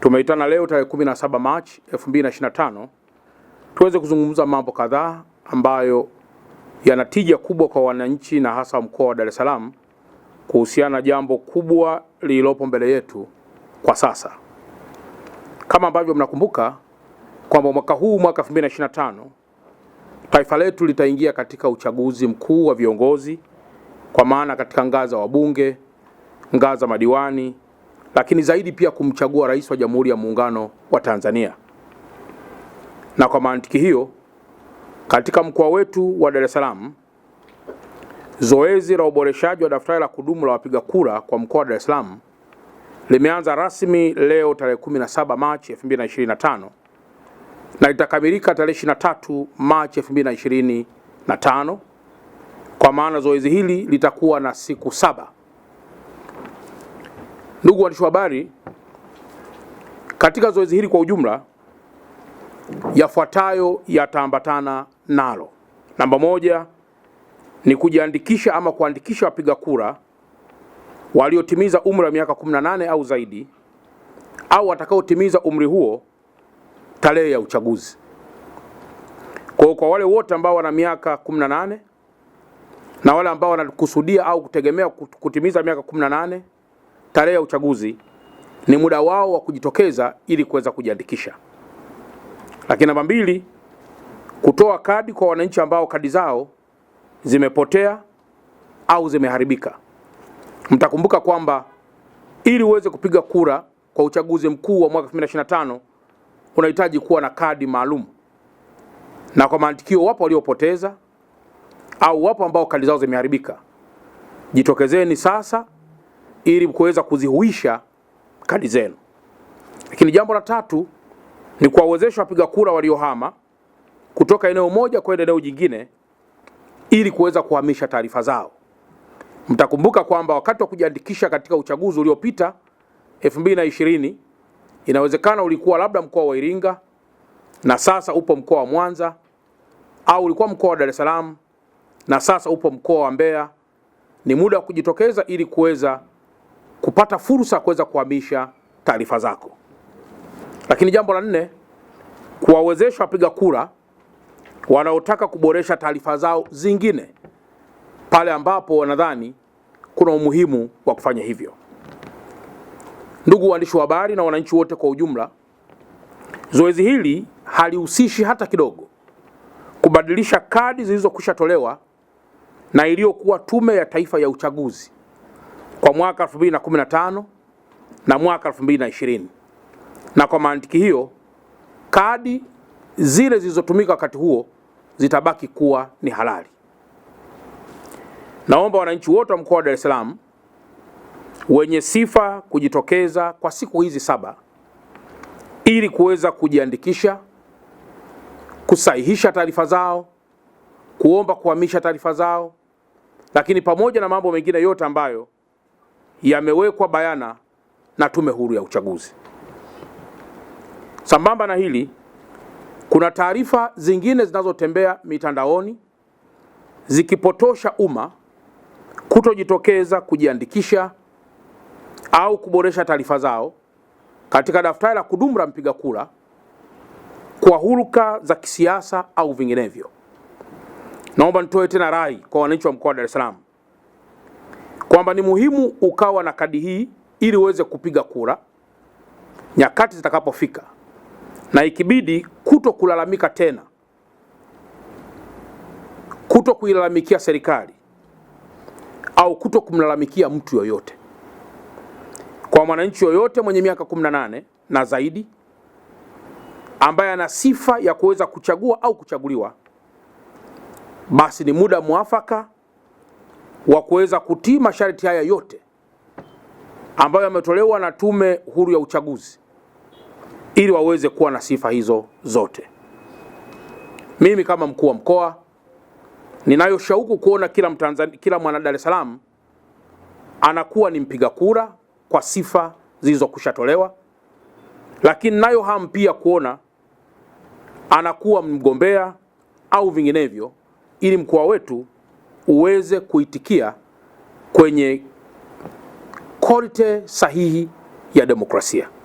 Tumeitana leo tarehe 17 Machi 2025 tuweze kuzungumza mambo kadhaa ambayo yana tija kubwa kwa wananchi na hasa mkoa wa Dar es Salaam kuhusiana na jambo kubwa lililopo mbele yetu kwa sasa. Kama ambavyo mnakumbuka kwamba mwaka huu mwaka 2025 taifa letu litaingia katika uchaguzi mkuu wa viongozi kwa maana katika ngazi za wabunge, ngazi za madiwani lakini zaidi pia kumchagua rais wa Jamhuri ya Muungano wa Tanzania. Na kwa mantiki hiyo, katika mkoa wetu wa Dar es Salaam, zoezi la uboreshaji wa daftari la kudumu la wapiga kura kwa mkoa wa Dar es Salaam limeanza rasmi leo tarehe 17 Machi 2025 na litakamilika tarehe 23 Machi 2025. Kwa maana zoezi hili litakuwa na siku saba. Ndugu waandishi wa habari, katika zoezi hili kwa ujumla, yafuatayo yataambatana nalo. Namba moja ni kujiandikisha ama kuandikisha wapiga kura waliotimiza umri wa miaka 18 au zaidi au watakaotimiza umri huo tarehe ya uchaguzi. Kwa kwa wale wote ambao wana miaka 18 na wale ambao wanakusudia au kutegemea kutimiza miaka tarehe ya uchaguzi ni muda wao wa kujitokeza ili kuweza kujiandikisha. Lakini namba mbili, kutoa kadi kwa wananchi ambao kadi zao zimepotea au zimeharibika. Mtakumbuka kwamba ili uweze kupiga kura kwa uchaguzi mkuu wa mwaka 2025 unahitaji kuwa na kadi maalum, na kwa mantikio, wapo waliopoteza au wapo ambao kadi zao zimeharibika. Jitokezeni sasa ili kuweza kuzihuisha kadi zenu. Lakini jambo la tatu ni kuwawezesha wapiga kura waliohama kutoka eneo moja kwenda eneo jingine ili kuweza kuhamisha taarifa zao. Mtakumbuka kwamba wakati wa kujiandikisha katika uchaguzi uliopita 2020 inawezekana ulikuwa labda mkoa wa Iringa na sasa upo mkoa wa Mwanza, au ulikuwa mkoa wa Dar es Salaam na sasa upo mkoa wa Mbeya. Ni muda wa kujitokeza ili kuweza kupata fursa ya kuweza kuhamisha taarifa zako. Lakini jambo la nne, kuwawezesha wapiga kura wanaotaka kuboresha taarifa zao zingine pale ambapo wanadhani kuna umuhimu wa kufanya hivyo. Ndugu waandishi wa habari na wananchi wote kwa ujumla, zoezi hili halihusishi hata kidogo kubadilisha kadi zilizokwisha tolewa na iliyokuwa Tume ya Taifa ya Uchaguzi kwa mwaka 2015 na mwaka 2020, na kwa mantiki hiyo kadi zile zilizotumika wakati huo zitabaki kuwa ni halali. Naomba wananchi wote wa mkoa wa Dar es Salaam wenye sifa kujitokeza kwa siku hizi saba ili kuweza kujiandikisha, kusahihisha taarifa zao, kuomba kuhamisha taarifa zao, lakini pamoja na mambo mengine yote ambayo yamewekwa bayana na Tume Huru ya Uchaguzi. Sambamba na hili, kuna taarifa zingine zinazotembea mitandaoni zikipotosha umma kutojitokeza kujiandikisha au kuboresha taarifa zao katika daftari la kudumu la mpiga kura kwa hulka za kisiasa au vinginevyo. Naomba nitoe tena rai kwa wananchi wa mkoa wa Dar es Salaam kwamba ni muhimu ukawa na kadi hii ili uweze kupiga kura nyakati zitakapofika, na ikibidi kuto kulalamika tena, kuto kuilalamikia serikali au kuto kumlalamikia mtu yoyote. Kwa mwananchi yoyote mwenye miaka 18 na zaidi ambaye ana sifa ya kuweza kuchagua au kuchaguliwa, basi ni muda mwafaka wa kuweza kutii masharti haya yote ambayo yametolewa na Tume Huru ya Uchaguzi ili waweze kuwa na sifa hizo zote. Mimi kama mkuu wa mkoa ninayo shauku kuona kila Mtanzania, kila mwana Dar es Salaam anakuwa ni mpiga kura kwa sifa zilizokwisha tolewa, lakini nayo hamu pia kuona anakuwa mgombea au vinginevyo, ili mkoa wetu uweze kuitikia kwenye korte sahihi ya demokrasia.